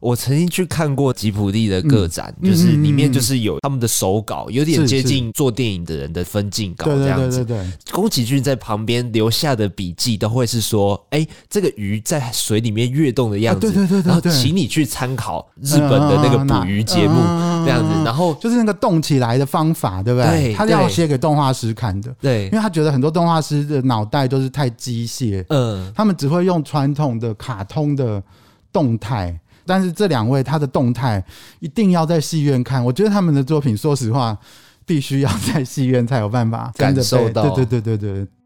我曾經去看過吉卜力的個展，就是裡面就是有他們的手稿，有點接近做電影的人的分鏡稿這樣子。對對對對，宮崎駿在旁邊留下的筆記都會是說：“哎，這個魚在水裡面躍動的樣子。”對對對對，然後請你去參考日本的那個捕魚節目這樣子。然後就是那個動起來的方法，對不對？他要寫給動畫師看的，對，因為他覺得很多動畫師的腦袋都是太機械。嗯，他們只會用傳統的卡通的動態。但是這兩位他的動態一定要在戲院看，我覺得他們的作品，說實話，必須要在戲院才有辦法跟感受到。對對，對對對對對。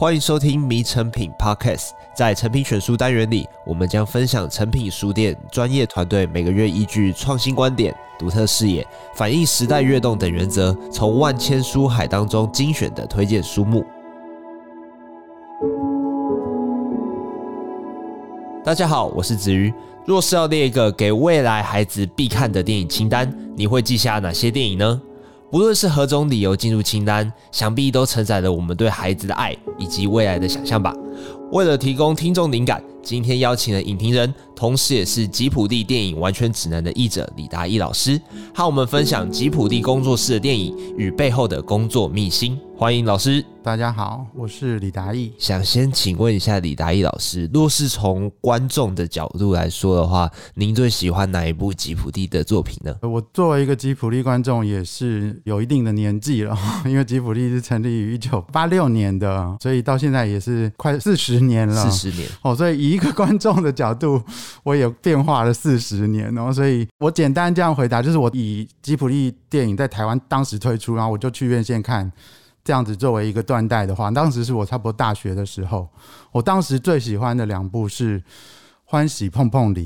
歡迎收聽《迷成品 Podcast》。在成品選書單元裡，我們將分享成品書店專業團隊每個月依據創新觀點、獨特視野、反映時代躍動等原則，從萬千書海當中精選的推薦書目。大家好，我是子榆。若是要列一個給未來孩子必看的電影清單，你會記下哪些電影呢？不論是何種理由進入清單，想必都承載了我們對孩子的愛以及未來的想象吧。為了提供聽眾靈感，今天邀請了影評人。同時也是吉卜力電影完全指南的譯者李達義老師，和我們分享吉卜力工作室的電影與背後的工作秘辛。歡迎老師，大家好，我是李達義。想先請問一下李達義老師，若是從觀眾的角度來說的話，您最喜歡哪一部吉卜力的作品呢？我作為一個吉卜力觀眾，也是有一定的年紀了，因為吉卜力是成立於一九八六年的，所以到現在也是快四十年了。四十年哦，oh, 所以以一個觀眾的角度。我也變化了四十年哦，所以我簡單這樣回答，就是我以吉卜力電影在臺灣當時推出，然後我就去院線看，這樣子作為一個斷代的話，當時是我差不多大學的時候，我當時最喜歡的兩部是《歡喜碰碰狸》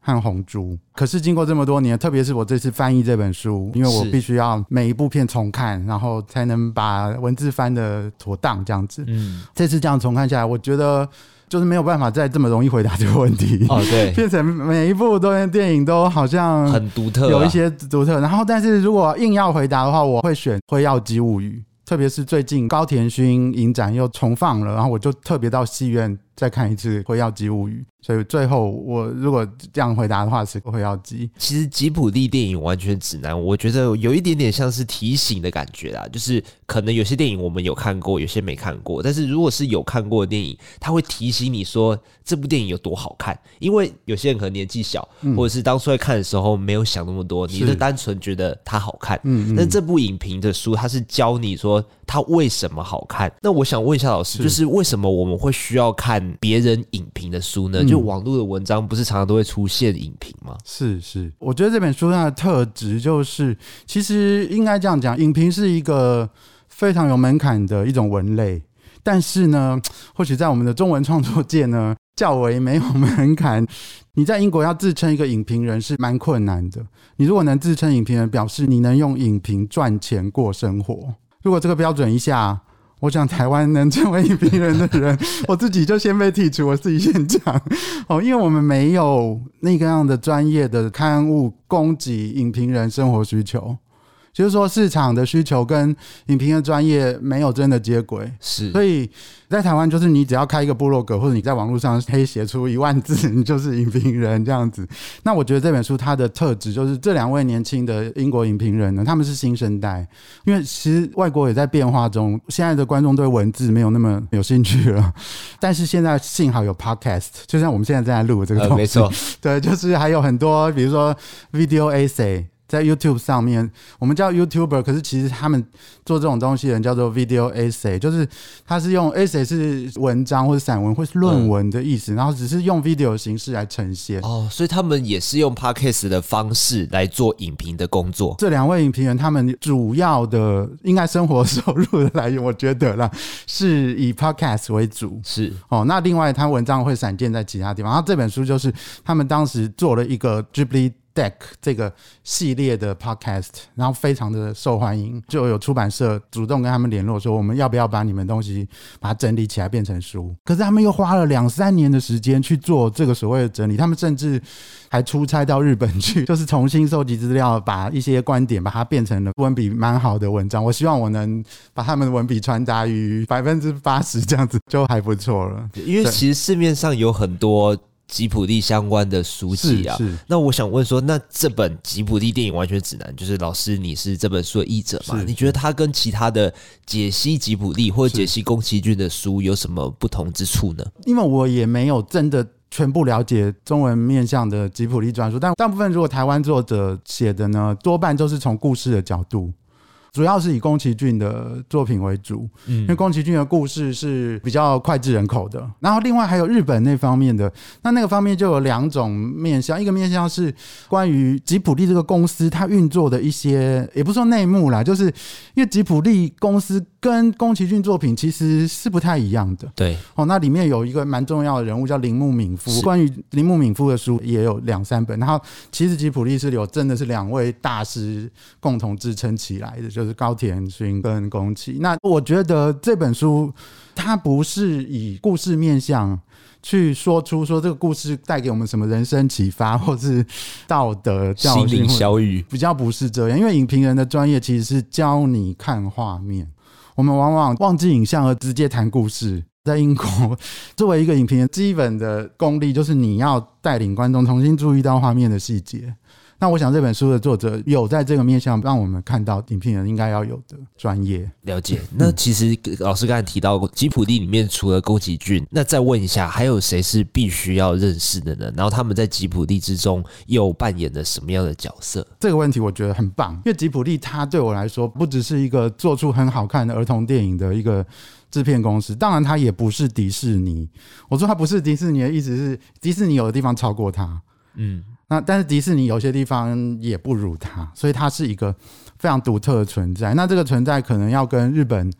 和《紅豬》。可是經過這麼多年，特別是我這次翻譯這本書，因為我必須要每一部片重看，然後才能把文字翻得妥當這樣子。嗯，這次這樣重看下來，我覺得。就是沒有辦法再這麼容易回答這個問題哦，oh, 對，變成每一部都電影都好像很獨特、啊，有一些獨特。然後，但是如果硬要回答的話，我會選《輝耀姬物語》，特別是最近高畑勳影展又重放了，然後我就特別到戲院。再看一次《輝耀姬物語》，所以最後我如果這樣回答的話是輝耀姬。其實吉卜力電影完全指南，我覺得有一點點像是提醒的感覺啦，就是可能有些電影我們有看過，有些沒看過。但是如果是有看過的電影，它會提醒你說這部電影有多好看。因為有些人可能年紀小，嗯、或者是當初在看的時候沒有想那麼多，你就單純覺得它好看。嗯是。那這部影評的書，它是教你說它為什麼好看。嗯嗯那我想問一下老師，就是為什麼我們會需要看？別人影評的書呢？就網絡的文章不是常常都會出現影評嗎？嗯、是是，我覺得這本書它的特質就是，其實應該這樣講，影評是一個非常有門檻的一種文類。但是呢，或許在我們的中文創作界呢，較為沒有門檻。你在英國要自稱一個影評人是蠻困難的。你如果能自稱影評人，表示你能用影評賺錢過生活。如果這個標準一下。我講台灣能成為影評人的人， 我自己就先被剔除，我自己先講哦，因為我們沒有那個樣的專業的刊物供給影評人生活需求。就是說，市場的需求跟影評的專業沒有真的接軌，是，所以在台灣，就是你只要開一個部落格，或者你在網絡上可以寫出一萬字，你就是影評人這樣子。那我覺得這本書它的特質，就是這兩位年輕的英國影評人呢，他們是新生代，因為其實外國也在變化中，現在的觀眾對文字沒有那麼有興趣了。但是現在幸好有 podcast，就像我們現在正在錄這個東西，呃，沒錯，對，就是還有很多，比如說 video essay。在 YouTube 上面，我們叫 YouTuber，可是其實他們做這種東西的人叫做 Video Essay，就是他是用 Essay 是文章或者散文或是論文的意思，嗯，然後只是用 Video 形式來呈現哦，所以他們也是用 Podcast 的方式來做影評的工作。這兩位影評人他們主要的應該生活收入的來源，我覺得啦，是以 Podcast 為主，是哦。那另外他文章會散見在其他地方，然後這本書就是他們當時做了一個 Ghibli。Deck 這個系列的 Podcast，然後非常的受歡迎，就有出版社主動跟他們聯絡，說我們要不要把你們東西把它整理起來變成書？可是他們又花了兩三年的時間去做這個所謂的整理，他們甚至還出差到日本去，就是重新收集資料，把一些觀點把它變成了文筆蠻好的文章。我希望我能把他們的文筆傳達於百分之八十這樣子就還不錯了，因為其實市面上有很多。吉卜力相關的書籍啊，是是，那我想問說，那這本《吉卜力電影完全指南》，就是老師你是這本書的譯者嘛？你覺得它跟其他的解析吉卜力或解析宮崎駿的書有什麼不同之處呢？因為我也沒有真的全部了解中文面向的吉卜力專書，但大部分如果台灣作者寫的呢，多半都是從故事的角度。主要是以宮崎駿的作品為主，因為宮崎駿的故事是比較膾炙人口的。然後，另外還有日本那方面的，那那個方面就有兩種面向，一個面向是關於吉卜力這個公司它運作的一些，也不說內幕啦，就是因為吉卜力公司跟宮崎駿作品其實是不太一樣的。對哦，那裡面有一個蠻重要的人物叫鈴木敏夫，是關於鈴木敏夫的書也有兩三本。然後，其實吉卜力有真的是兩位大師共同支撐起來的，就是高田勳跟宮崎。那我覺得這本書它不是以故事面向去說出說這個故事帶給我們什麼人生啟發或是道德教訓，小語比較不是這樣，因為影評人的專業其實是教你看畫面。我們往往忘記影像而直接談故事。在英國，作為一個影評人，基本的功力就是你要帶領觀眾重新注意到畫面的細節。那我想這本書的作者有在這個面向讓我們看到影評人，應該要有的專業了解。對，那其實老師剛才提到吉卜力裡面除了宮崎駿，那再問一下，還有誰是必須要認識的人？然後他們在吉卜力之中又扮演了什麼樣的角色？這個問題我覺得很棒，因為吉卜力他對我來說不只是一個做出很好看的兒童電影的一個制片公司，當然他也不是迪士尼。我說他不是迪士尼的意思是迪士尼有的地方超過他。嗯。那但是迪士尼有些地方也不如它，所以它是一個非常獨特的存在。那這個存在可能要跟日本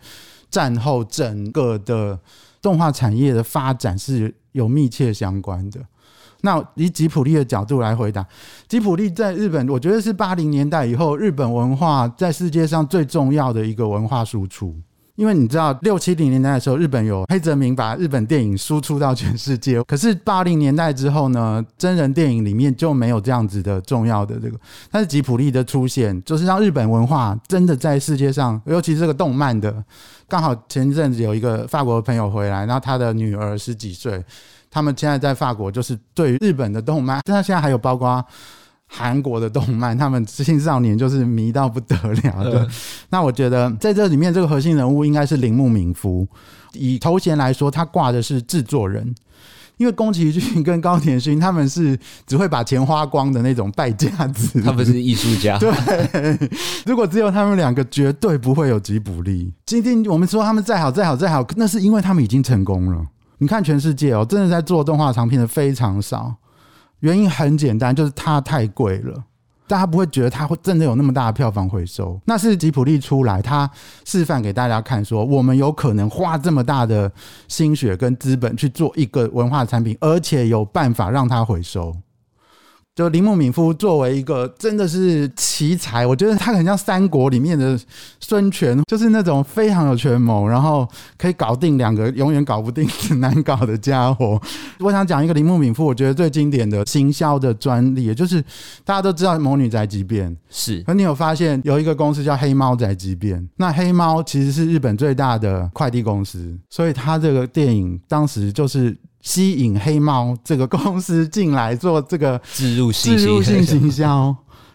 戰後整個的動畫產業的發展是有密切相關的。那以吉卜力的角度來回答，吉卜力在日本，我覺得是八零年代以後日本文化在世界上最重要的一個文化輸出。因為你知道六七零年代的時候，日本有黑澤明把日本電影輸出到全世界。可是八零年代之後呢，真人電影裡面就沒有這樣子的重要的這個。但是吉卜力的出現，就是讓日本文化真的在世界上，尤其是這個動漫的。剛好前陣子有一個法國的朋友回來，然後他的女兒十幾歲，他們現在在法國就是對於日本的動漫，現在現在還有包括。韓國的動漫，他們青少年就是迷到不得了。對，嗯、那我覺得在這裡面，這個核心人物應該是鈴木敏夫。以頭銜來說，他掛的是制作人，因為宮崎駿跟高田勳他們是只會把錢花光的那種敗家子，他們是藝術家。對， 如果只有他們兩個，絕對不會有吉卜力。今天我們說他們再好、再好、再好，那是因為他們已經成功了。你看全世界哦，真的在做動畫長片的非常少。原因很簡單，就是它太貴了。大家不會覺得它會真的有那麼大的票房回收，那是吉卜力出來，他示範給大家看說，說我們有可能花這麼大的心血跟資本去做一個文化產品，而且有辦法讓它回收。就鈴木敏夫作為一個真的是奇才，我覺得他很像三國裡面的孫權，就是那種非常有權謀，然後可以搞定兩個永遠搞不定、 很難搞的家伙。我想講一個鈴木敏夫，我覺得最經典的行銷的專利，也就是大家都知道《魔女宅急便》，是。可你有發現有一個公司叫黑貓宅急便，那黑貓其實是日本最大的快遞公司，所以他這個電影當時就是。吸引黑貓這個公司進來做這個植入性、植入性行銷，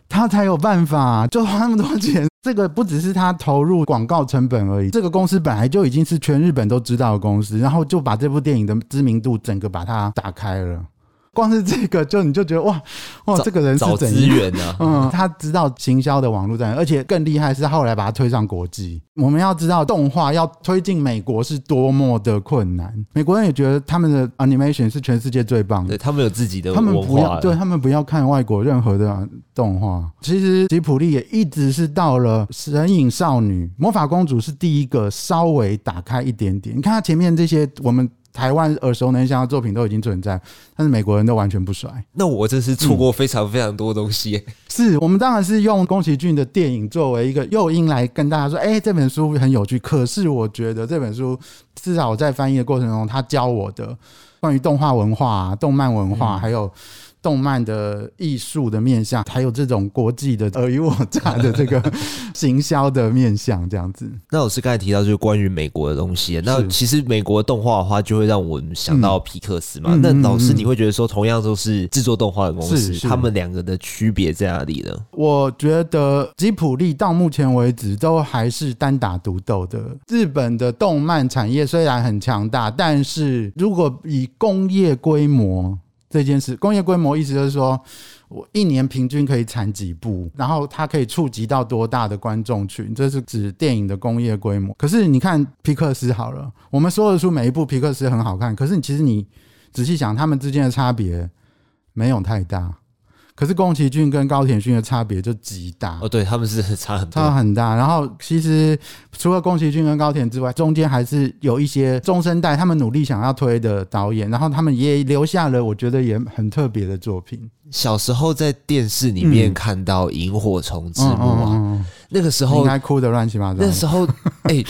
他才有辦法、啊、就花那麼多錢。這個不只是他投入廣告成本而已，這個公司本來就已經是全日本都知道的公司，然後就把這部電影的知名度整個把它打開了。光是這個，就你就覺得哇哇，哇找這個人是怎樣的？啊、嗯，他知道行銷的網絡在哪，而且更厲害是後來把他推上國際。我們要知道動畫要推進美國是多麼的困難，美國人也覺得他們的 animation 是全世界最棒的。對，他們有自己的文化。他們不要，對他們不要看外國任何的動畫。其實吉卜力也一直是到了《神隱少女》、《魔法公主》是第一個稍微打開一點點。你看他前面這些，我們。台灣耳熟能詳的作品都已經存在，但是美國人都完全不甩。那我這是錯過非常非常多東西，嗯。是我們當然是用宮崎駿的電影作為一個誘因來跟大家說，哎、欸，這本書很有趣。可是我覺得這本書至少我在翻譯的過程中，他教我的關於動畫文化、啊、動漫文化還有。嗯動漫的藝術的面向，還有這種國際的爾虞我詐的這個行銷的面向，這樣子。 那老師剛才提到就是關於美國的東西，是那其實美國動畫的話，就會讓我想到皮克斯嘛。嗯、那老師，你會覺得說，同樣都是制作動畫的公司，是是他們兩個的區別在哪裡呢？我覺得吉卜力到目前為止都還是單打獨鬥的。日本的動漫產業雖然很強大，但是如果以工業規模。這件事，工業規模意思就是說，我一年平均可以產幾部，然後它可以觸及到多大的觀眾群，這是指電影的工業規模。可是你看皮克斯好了，我們說得出每一部皮克斯很好看，可是其實你仔細想，他們之間的差別沒有太大。可是宮崎駿跟高田勳的差別就極大哦。對，對他們是很差很差很大。然後其實除了宮崎駿跟高田之外，中間還是有一些中生代他們努力想要推的導演，然後他們也留下了我覺得也很特別的作品。小時候在電視裡面看到《螢火蟲之墓》啊，嗯、那個時候應該哭得亂的亂七八糟。 那個時候哎、欸，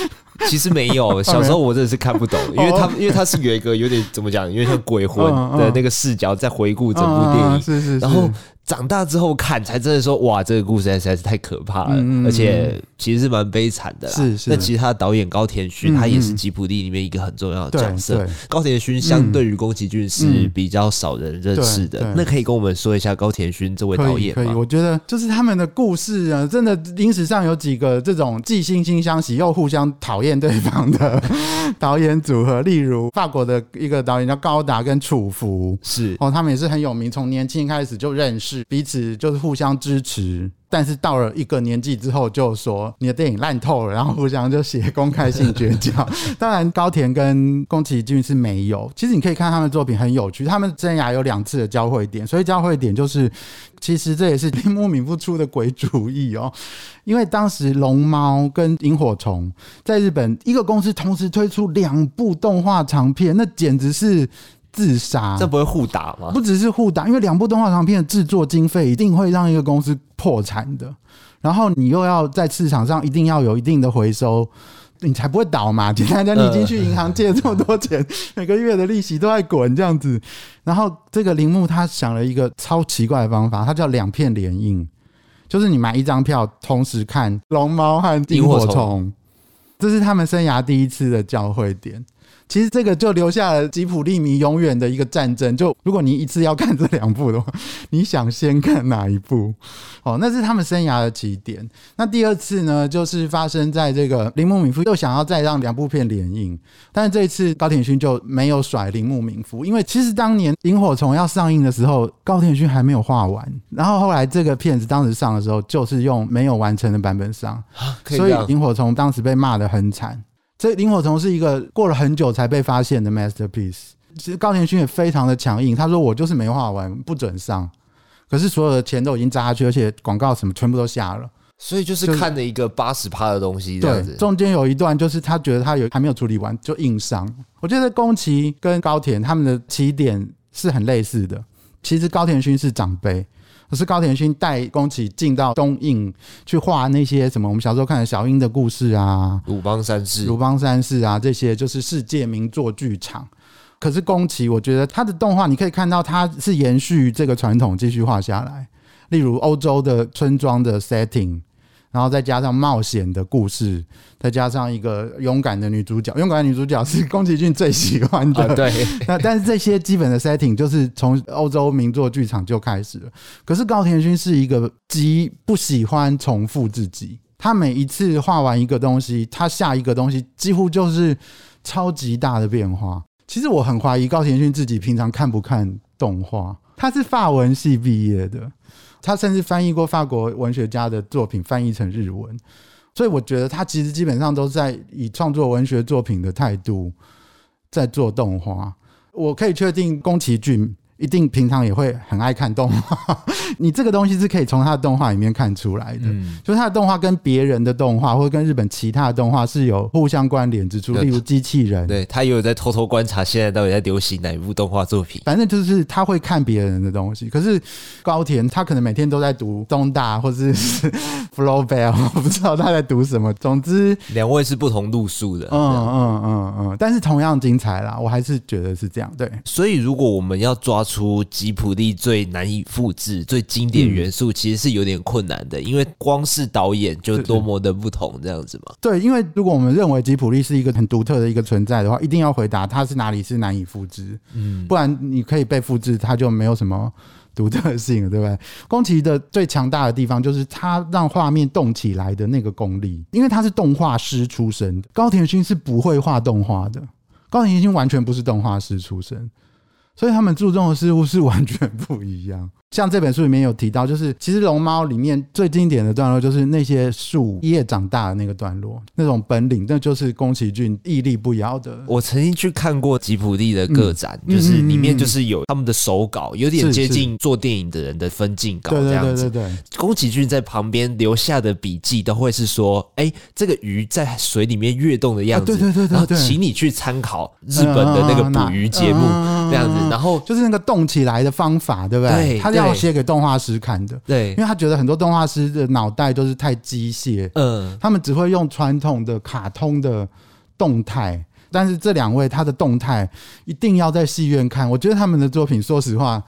其實沒有小時候我真的是看不懂，因為他因為他是有一個有點怎麼講，有點像鬼魂的那個視角在回顧整部電影，嗯嗯嗯嗯嗯嗯是，是是，然後。長大之後看才真的說哇，這個故事實在是太可怕了，而且其實是蠻悲慘的啦。是是。那其他的導演高田勳，他也是吉卜力裡面一個很重要的角色。高田勳相對於宮崎駿是比較少人認識的。那可以跟我們說一下高田勳這位導演嗎？可以，我覺得就是他們的故事啊，真的歷史上有幾個這種既惺惺相惜又互相討厭對方的導演組合，例如法國的一個導演叫高達跟楚浮。是哦，他們也是很有名，從年輕開始就認識。彼此就是互相支持，但是到了一個年紀之後，就說你的電影爛透了，然後互相就寫公開信絕交。 當然，高田跟宮崎駿是沒有。其實你可以看他們的作品很有趣，他們生涯有兩次的交匯點，所以交匯點就是，其實這也是莫名不出的鬼主意哦。因為當時《龍貓》跟《螢火蟲》在日本一個公司同時推出兩部動畫長片，那簡直是。自殺？這不會互打嗎？不只是互打，因為兩部動畫長片的制作經費一定會讓一個公司破產的。然後你又要在市場上一定要有一定的回收，你才不會倒嘛？簡單講，你已經去銀行借這麼多錢，呃呃呃呃每個月的利息都在滾這樣子。然後這個鈴木他想了一個超奇怪的方法，他叫兩片聯映，就是你買一張票，同時看《龍貓》和《螢火蟲》，這是他們生涯第一次的交匯點。其實這個就留下了吉卜力迷永遠的一個戰爭。就如果你一次要看這兩部的話，你想先看哪一部？哦，那是他們生涯的起點。那第二次呢，就是發生在這個鈴木敏夫又想要再讓兩部片聯映，但是這一次高田勳就沒有甩鈴木敏夫，因為其實當年《螢火蟲》要上映的時候，高田勳還沒有畫完。然後後來這個片子當時上的時候，就是用沒有完成的版本上，啊，可以這樣。所以《螢火蟲》當時被罵得很慘。這《螢火蟲》是一個過了很久才被發現的 masterpiece。其實高田勳也非常的強硬，他說：“我就是沒畫完，不准上。”可是所有的錢都已經砸下去，而且廣告什麼全部都下了，所以就是看着一個八十趴的東西這樣子，就是對。中間有一段就是他覺得他有還沒有處理完，就硬上。我覺得宮崎跟高田他們的起點是很類似的。其實高田勳是長輩。可是高田勳帶宮崎駿到東映去畫那些什麼，我們小時候看的《小英的故事》啊，《魯邦三世》《魯邦三世》啊，這些就是世界名作劇場。可是宮崎，我覺得他的動畫，你可以看到他是延續這個傳統，繼續畫下來。例如歐洲的村莊的 setting。然後再加上冒險的故事，再加上一個勇敢的女主角，勇敢的女主角是宮崎駿最喜歡的。啊、對，那但是這些基本的 setting 就是從歐洲名作劇場就開始了。可是高田勳是一個極不喜歡重複自己，他每一次畫完一個東西，他下一個東西幾乎就是超級大的變化。其實我很懷疑高田勳自己平常看不看動畫，他是法文系畢業的。他甚至翻譯過法國文學家的作品，翻譯成日文，所以我覺得他其實基本上都在以創作文學作品的態度在做動畫。我可以確定宮崎駿，一定平常也會很愛看動畫，嗯、 你這個東西是可以從他的動畫裡面看出來的，嗯、就是他的動畫跟別人的動畫，或者跟日本其他的動畫是有互相關聯之處就。例如機器人對，對他也有在偷偷觀察現在到底在流行哪一部動畫作品。反正就是他會看別人的東西，可是高田他可能每天都在讀中大，或者是 Flow Bell，我不知道他在讀什麼。總之，兩位是不同路數的，啊，嗯，嗯嗯嗯嗯，但是同樣精彩啦，我還是覺得是這樣。對，所以如果我們要抓出吉卜力最難以複制、最經典元素，嗯、其實是有點困難的，因為光是導演就多麼的不同，這樣子嘛？對，因為如果我們認為吉卜力是一個很獨特的一個存在的話，一定要回答它是哪裡是難以複制，嗯，不然你可以被複制，它就沒有什麼獨特性，對不對？宮崎的最強大的地方就是他讓畫面動起來的那個功力，因為他是動畫師出身，高畑勳是不會畫動畫的，高畑勳完全不是動畫師出身。所以他們注重的似乎是完全不一樣。像這本書裡面有提到，就是其實《龍貓》裡面最經典的段落，就是那些樹葉長大的那個段落，那種本領，那就是宮崎駿屹立不搖的。我曾經去看過吉卜力的個展，就是裡面就是有他們的手稿，有點接近做電影的人的分鏡稿這樣子。宮崎駿在旁邊留下的筆記都會是說：“哎，這個魚在水裡面躍動的樣子，然後請你去參考日本的那個捕魚節目這樣子。”然後就是那個動起來的方法，對不對？對，對，他要寫給動畫師看的。對，因為他覺得很多動畫師的腦袋都是太機械，嗯、呃，他們只會用傳統的卡通的動態。但是這兩位，他的動態一定要在戲院看。我覺得他們的作品，說實話，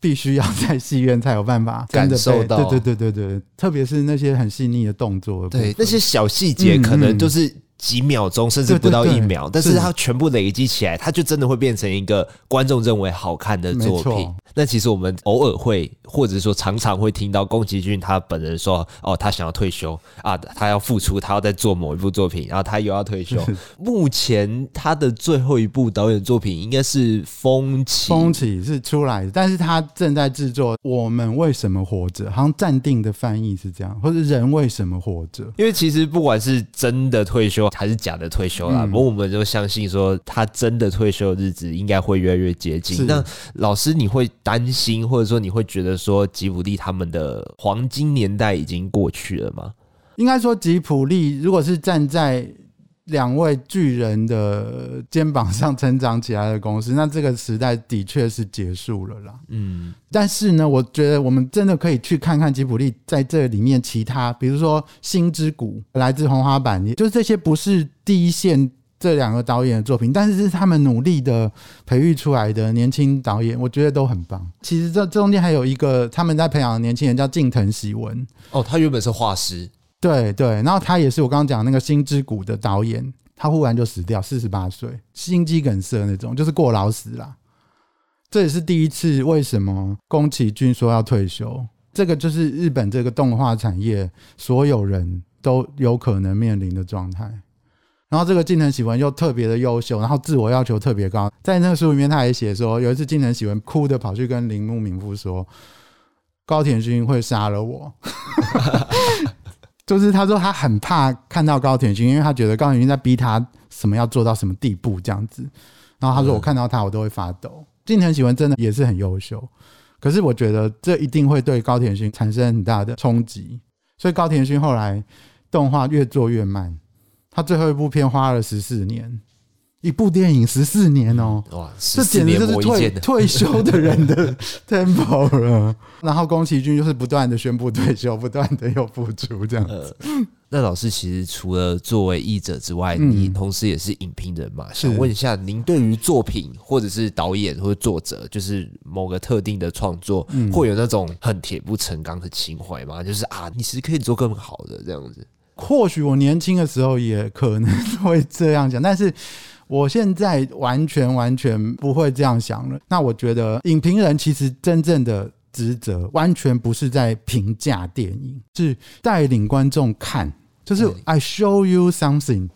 必須要在戲院才有辦法感受到。對對對對對，特別是那些很細膩的動作的，對那些小細節，可能就是，嗯。嗯幾秒鐘，甚至不到一秒，對對對，但是它，全部累積起來，它對就真的會變成一個觀眾認為好看的作品。沒錯那其實我們偶爾會，或者說常常會聽到宮崎駿他本人說：“哦，他想要退休啊，他要復出，他要再做某一部作品，然、啊、後他又要退休。是”目前他的最後一部導演作品應該是《風起》，《風起》是出來的，但是他正在制作《我們為什麼活着》，好像暫定的翻譯是這樣，或者《人為什麼活着》？因為其實不管是真的退休。還是假的退休啦，嗯、不過我們就相信說他真的退休的日子應該會越來越接近。是的 那老師，你會擔心，或者說你會覺得說吉卜力他們的黃金年代已經過去了嗎？應該說吉卜力，如果是站在兩位巨人的肩膀上成長起來的公司，那這個時代的確是結束了啦。嗯，但是呢，我覺得我們真的可以去看看吉卜力在這裡面其他，比如說《心之谷》、來自紅花坂，也就是這些不是第一線這兩個導演的作品，但是，是他們努力的培育出來的年輕導演，我覺得都很棒。其實這，這中間還有一個他們在培養的年輕人叫近藤喜文，哦，他原本是畫師。對對，然後他也是我剛剛講的那個《心之谷》的導演，他忽然就死掉，四十八歲，心肌梗塞那種，就是過勞死了。這也是第一次，為什麼宮崎駿說要退休？這個就是日本這個動畫產業所有人都有可能面臨的狀態。然後這個近藤喜文又特別的優秀，然後自我要求特別高，在那個書裡面他還寫說，有一次近藤喜文哭著跑去跟鈴木敏夫說，高田君會殺了我。 就是他說他很怕看到高田勳，因為他覺得高田勳在逼他什麼要做到什麼地步這樣子。然後他說，我看到他我都會發抖。近藤、嗯、喜文真的也是很優秀，可是我覺得這一定會對高田勳產生很大的衝擊。所以高田勳後來動畫越做越慢，他最後一部片花了十四年。一部電影14、哦、14十四年哦，哇，這簡直就是退退休的人的 tempo 了。 然後宮崎駿就是不斷的宣布退休，不斷的又復出這樣子、呃。那老師其實除了作為譯者之外，嗯、你同時也是影評人嘛？想是問一下，您對於作品或者是導演或者作者，就是某個特定的創作，嗯、會有那種恨鐵不成鋼的情懷嗎？就是啊，你其實可以做更好的這樣子。或許我年輕的時候也可能會這樣講，但是。我現在完全完全不會這樣想了。那我覺得影評人其實真正的職責，完全不是在評價電影，是帶領觀眾看，就是 I show you something,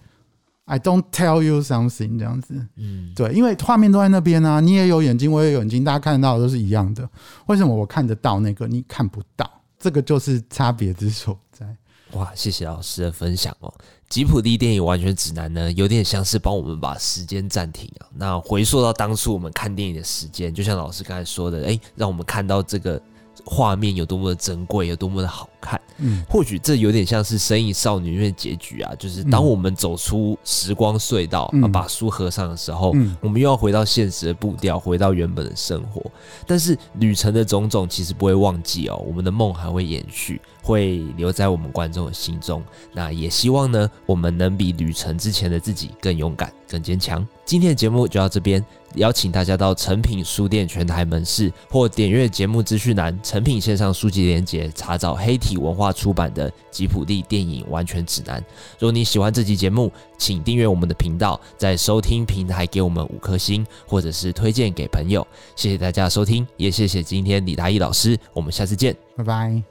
I don't tell you something 這樣子。嗯，對，因為畫面都在那邊啊，你也有眼睛，我也有眼睛，大家看到的都是一樣的。為什麼我看得到那個，你看不到？這個就是差別之所在。哇，謝謝老師的分享哦、喔，《吉卜力電影完全指南》呢，有點像是幫我們把時間暫停啊、喔。那回溯到當初我們看電影的時間，就像老師剛才說的，哎、欸，讓我們看到這個。畫面有多麼的珍貴，有多麼的好看。嗯，或許這有點像是《生意少女》的結局啊。就是當我們走出時光隧道，嗯啊、把書合上的時候，嗯、我們又要回到現實的步調，回到原本的生活。但是旅程的種種其實不會忘記哦，我們的夢還會延續，會留在我們觀眾的心中。那也希望呢，我們能比旅程之前的自己更勇敢、更堅強。今天的節目就到這邊。邀請大家到誠品書店全台門市或點閱節目資訊欄誠品線上書籍連結，查找黑體文化出版的《吉卜力電影完全指南》。如果你喜歡這集節目，請訂閱我們的頻道，在收聽平台給我們五顆星，或者是推薦給朋友。謝謝大家的收聽，也謝謝今天李達義老師。我們下次見，拜拜。